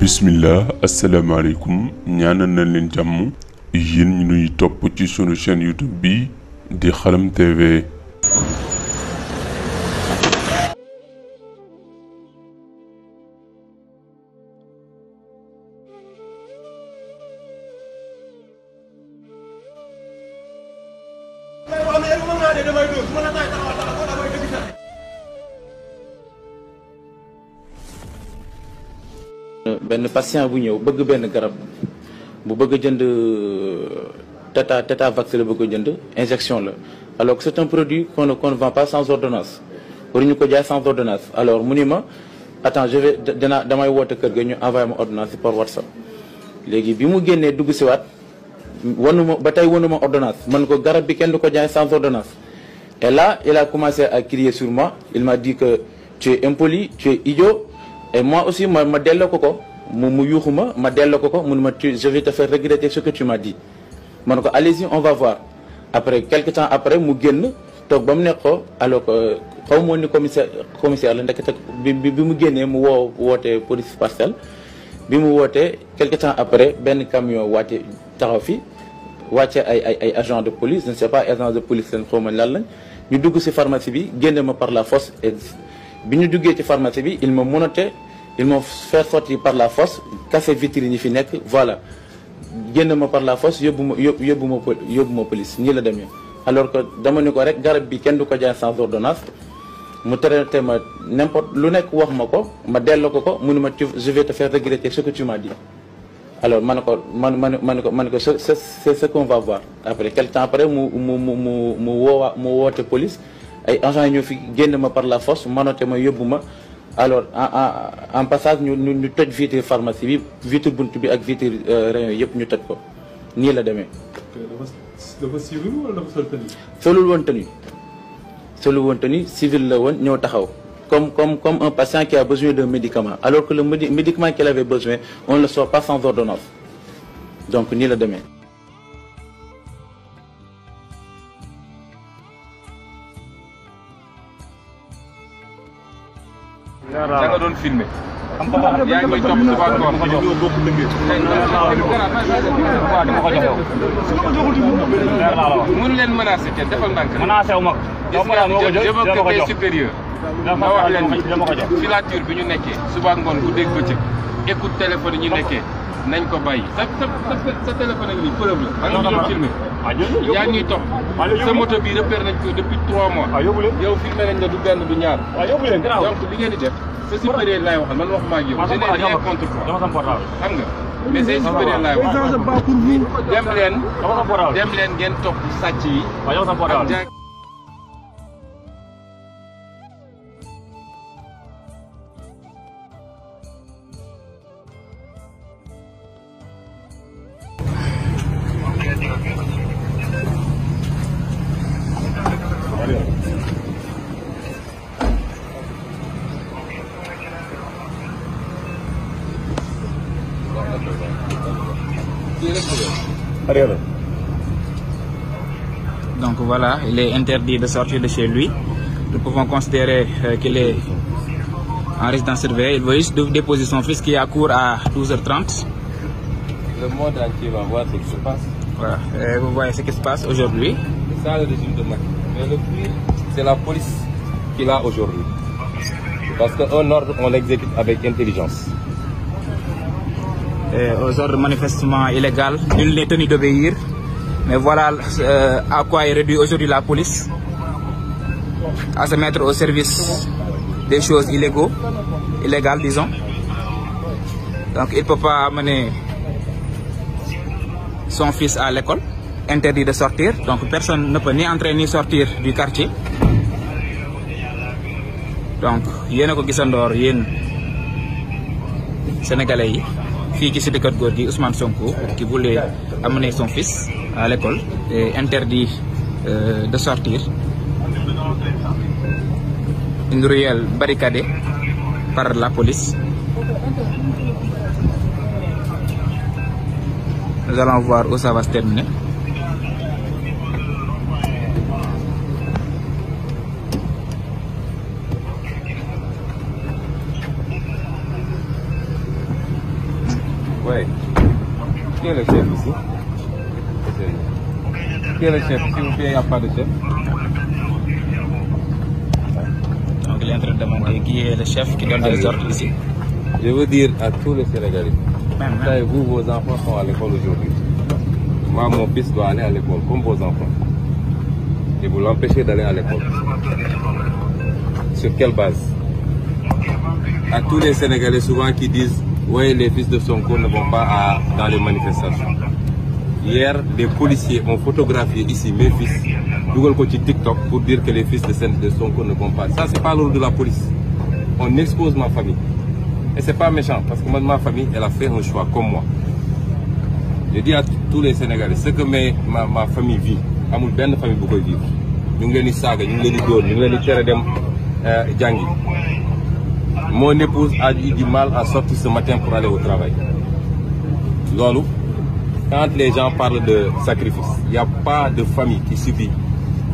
bismillah asalaamaaleykum ñaanal na leen jàmm yéen ñu nuy topp ci sunu chaîne youtube bi di xalam tv damay benn patient bu ñëw bëgg ben garab bu bëgg jënd euh, tata tata vax bu ko jënd injection la alors que c'est un produit qu'on ne qu'on vend pas sans ordonnance waruñu ko jaay sans ordonnance alors mu ma attends je vais dana damay woote kër ga ñu envoyé ma ordonnance par WhatsApp légui bi mu génné dugg ci wat wonuma batay wonuma ordonnance man ko garab bi kenn du ko jaay sans ordonnance et là il a commencé à crier sur moi il m'a dit que tu es impoli tu es idiot et moi aussi ma ma delloo ko ko je vais te faire regretter ce que tu m'as dit allez-y on va voir après quelques temps après mu génn alors que commissaire commissaire la police parcelle bi temps après Ben camion wàcce taxaw fi agent de police je ne sais pas agent de police Nous avons pharmacie par la force et nous avons pharmacie il ma montré ils m'ont fait sortir par la force casser vitrine yi voilà par la force je suis police alors que dans mon rek garab bi sans ordonnance mu n'importe lu je vais te faire regretter ce que tu m'as dit alors c'est ce qu'on va voir après quel temps après je suis mu police ay agents par la force alors en passage ñu ñu pharmacie vitre bi ak vitre euh, rayon ñu ko la démé dafa civil civil la comme comme comme un patient qui a besoin d'un médicament alors que le médicament qu'il avait besoin on ne le sort pas sans ordonnance donc ni la demain. da nga doon filmé. yaa ngi may topp suba ngoon. mënu leen menacé te defal ndànk. menacé wu ma ko. gis nga je veux que t'es supérieur. ma wax leen ni filature bi ñu nekkee suba ngoon ku dégg bëccëg écoute téléphone yi ñu nekkee nañ ko bàyyi sa sa ñi téléphone ak ni preuve la. da nga ñu filmé. yaa ngi ñuy ah, topp ah, sa moto bi repère nañ ko depuis trois mois. Ah, yow filmé nañ la du benn du ñaar. sa supérieur laay waxal man waxuma ak yow. je n'ai rien yi. waaw Donc voilà, il est interdit de sortir de chez lui. Nous pouvons considérer euh, qu'il est en résidence surveillée. Il veut juste déposer son fils qui est à court à 12h30. Le monde entier va voir ce qui se passe. Voilà, euh, vous voyez ce qui se passe aujourd'hui. C'est ça le régime de Mais le plus, c'est la police qu'il a aujourd'hui. Parce qu'un ordre, on l'exécute avec intelligence. Euh, aux ordres manifestement illégal. Nul n'est tenu d'obéir. Mais voilà euh, à quoi est réduit aujourd'hui la police. À se mettre au service des choses illégaux, illégales disons. Donc il ne peut pas amener son fils à l'école, interdit de sortir. Donc personne ne peut ni entrer ni sortir du quartier. Donc, il y a ko sénégalais qui qui qui Ousmane Sonko qui voulait amener son fils à l'école et interdit euh, de sortir. Une ruelle barricadée par la police. Nous allons voir où ça va se terminer. Qui est le chef ici Qui est le chef vous il n'y a pas de chef. Donc il est en train de demander qui est le chef qui donne des ordres ici. Je veux dire à tous les Sénégalais, Même, vous, vos enfants sont à l'école aujourd'hui. Moi, mon fils doit aller à l'école, comme vos enfants. Et vous l'empêchez d'aller à l'école. Sur quelle base À tous les Sénégalais souvent qui disent oui, les fils de Sonko ne vont pas dans les manifestations. Hier, des policiers ont photographié ici mes fils, Google Coach TikTok, pour dire que les fils de, de Sonko ne vont pas. Ça, c'est pas l'ordre de la police. On expose ma famille. Et c'est pas méchant, parce que ma famille, elle a fait un choix comme moi. Je dis à tous les Sénégalais, ce que ma, famille vit, bien de famille beaucoup vivre. Nous mon épouse a eu du mal à sortir ce matin pour aller au travail. Lolo, quand les gens parlent de sacrifice, il n'y a pas de famille qui subit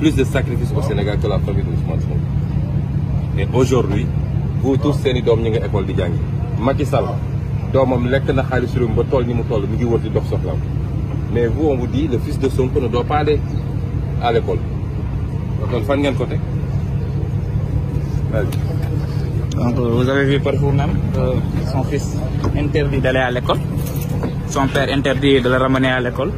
plus de sacrifices au Sénégal que la famille de Ousmane Sonko. Et aujourd'hui, vous tous, c'est les sommes de l'école de Djangi. Macky Sall, domam lek na xaalisu ba toll ni mu toll di mais vous on vous dit le fils de Sonko ne doit pas aller à l'école kon fan ngeen côté Merci. Euh, vous avez vu par vous-même euh, son fils interdit d'aller à l'école, son père interdit de le ramener à l'école,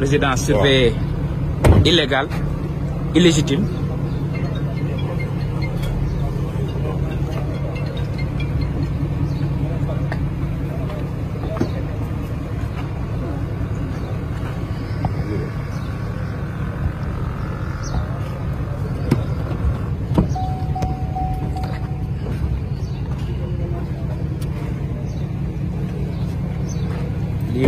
résidence surveillée illégale, illégitime.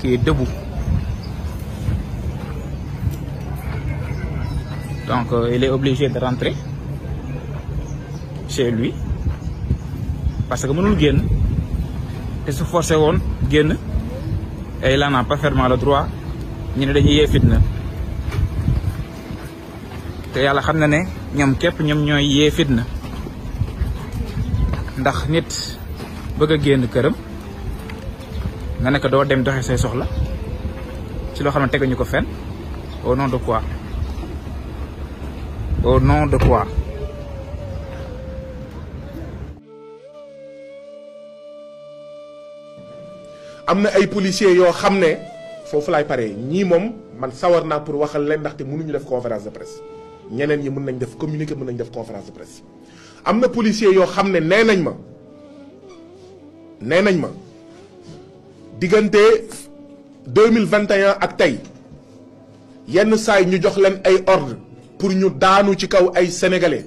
qui est debout. Donc, euh, il est obligé de rentrer chez lui. Parce que nous gagne. Et se forcer on Et il n'a pas fermé le droit. Nous sommes fait fitna. Et yalla né képp ñoy yé fitna ndax nit nga nekk ko doo dem doxe say soxla ci loo xam ne teguñu ko fenn au nom de quoi au nom de quoi. am na ay policiers yoo xam ne foofu laay pare ñii moom man sawar naa pour waxal leen ndaxte munuñu def conférence de presse ñeneen yi mën nañ def communiqué mën nañ def conférence de presse am na policiers yoo xam ne nee nañ ma nee nañ ma. diggante 2021 ak tay yenn saay ñu jox leen ay ordre pour ñu daanu ci kaw ay sénégalais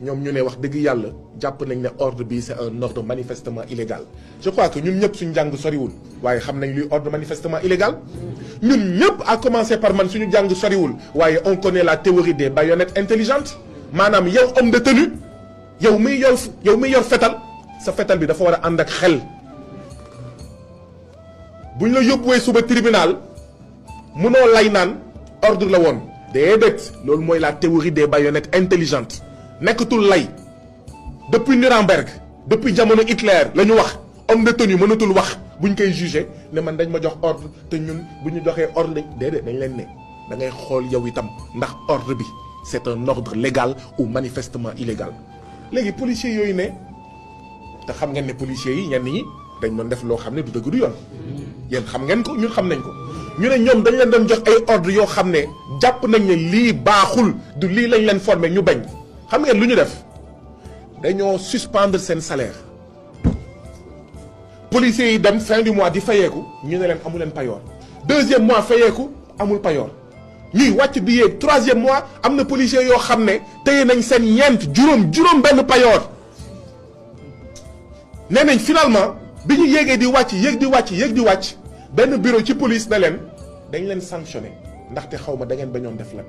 ñom ñu né wax dëgg yalla japp nañ né ordre bi c'est un ordre manifestement illégal je crois que ñun ñëpp suñu jàng soriwul waye xam nañ luy ordre manifestement illégal ñun ñëpp a commencé par man suñu jàng soriwul waye on connaît la théorie des baïonnettes intelligentes manam yow homme de tenue yow mi yow yow mi yor fétal sa fétal bi dafa wara and ak xel buñ ñu la yóbbuwee suba tribunal mënoo lay naan ordre la woon déedéet loolu mooy la théorie des baïonnettes intelligentes nekkatul lay depuis Nuremberg depuis jamono Hitler la ñu wax homme de tenue mënatul wax buñ koy jugé ne man dañ ma jox ordre te ñun bu ñu joxee ordre déedéet dañ leen ne da ngay xool yow itam ndax ordre bi c'est un ordre légal ou manifestement illégal léegi policiers yooyu ne te xam ngeen ne policiers yi ñenn ñi dañ doon def loo xam ne du dëgg du yoon yéen xam ko ñun ko ñu dañ leen jox ay ordre yoo xam ne nañ ne baaxul du lañ leen ñu bañ def suspendre seen salaire policiers yi fin du mois di fayeeku ñu ne leen amu leen deuxième mois fayeeku amul payoor ñuy wàcc di yéeg troisième mois am na policiers yoo xam ne nañ seen ñeent nañ finalement biñu yégué di wàcc yéeg di wàcc yéeg di wàcc benn bureau ci police na leen dañ leen sanctionné ndaxte xaw ma da ngeen bañoon def lan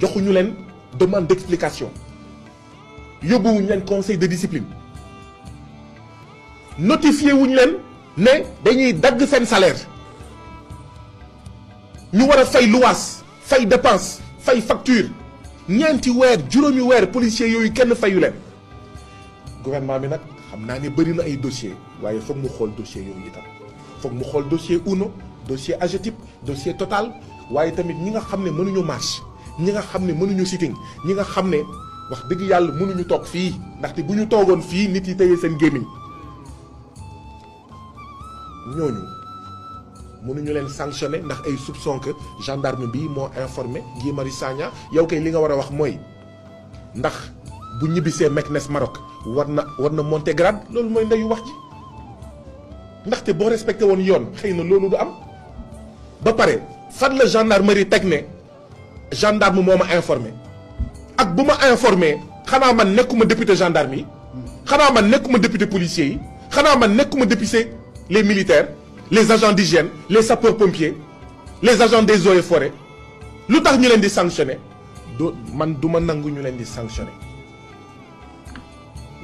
joxuñu leen demande d'explication yóbbuwuñu leen conseil de discipline notifié wuñu leen ne dañuy dagg seen salaire ñu war a fay luwaas fay dépense fay facture ñeenti weer juróomi weer policier yooyu kenn fayu leen gouvernement bi nag xam naa ne dossiers, dossier Il faut mu dossier dossier UNO dossier les dossier Total Mais tamit ñi nga nous mënuñu Nous nga nous mënuñu sitting nga nous ne wax dëgg que mënuñu toog des ndaxte bu ñu toogoon fii nit yi tëye Les gémmiñ ñooñu mënuñu sanctionné ndax ay soupçon que gendarme bi informé Guy Marius Sagna yow kay li nga des wax Maroc war na war monter grade loolu mooy ndeyu wax ji ndaxte boo respecté woon yoon xëy na loolu du am ba pare fan la gendarmerie teg gendarme ma informé ak bu ma informé xanaa man nekkuma député gendarme yi xanaa man nekkuma député policier yi xanaa man nekkuma député les militaires les agents d'hygiène les sapeurs pompiers les agents des eaux et forêts lu tax ñu leen di sanctionné doo man du ma nangu ñu leen di sanctionné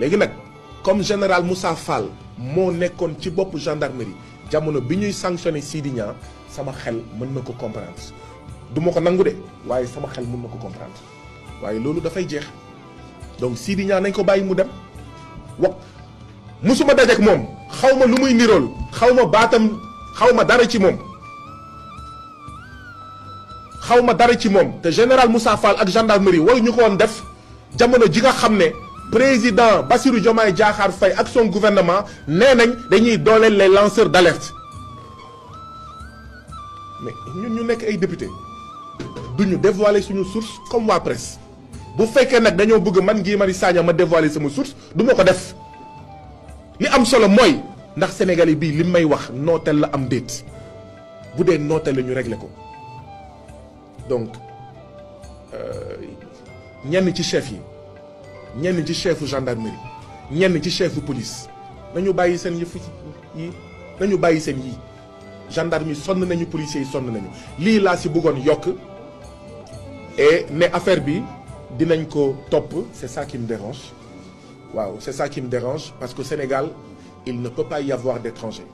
léegi nak comme général Moussa Fall mo nekkoon ci bop gendarmerie jamono biñuy ñuy sanctionné Sidi sama xel mën nako comprendre du ma ko nangu de waaye sama xel mën nako comprendre comprendre lolu da fay jeex donc Sidi Niang nañ ko bàyyi mu dem wax musuma dajeek mom xawma ma lu muy nirool xawma ma baatam ma dara ci mom xawma ma dara ci mom te général Moussa Fall ak gendarmerie waruñu ko won def jamono ji nga xam président Bassirou Diomaye Diakhar Faye son gouvernement nee dañuy les lanceurs d'alerte mais nous sommes des députés. Nous duñu dévoiler nos sources comme la presse Si nous nag bëgg man ma dévoiler sama source Nous ko def li am solo fait ndax sénégalais Nous avons wax nooteel la am déet bu dee ñu régler ko donc euh, ñenn ci chef ñenn ci chef gendarmerie ñenn ci de police nañu nous seen les yi nañu nous baissons yi gendarmerie yi sonn nañu policiers yi sonn nañu lii laa si bëggoon yokk et ne affaire bi dinañ ko top c'est ça qui me dérange waaw c'est ça qui me dérange parce que Sénégal il ne peut pas y avoir d'étrangers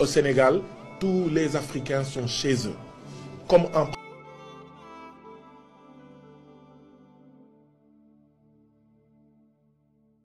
au Sénégal tous les Africains sont chez eux comme en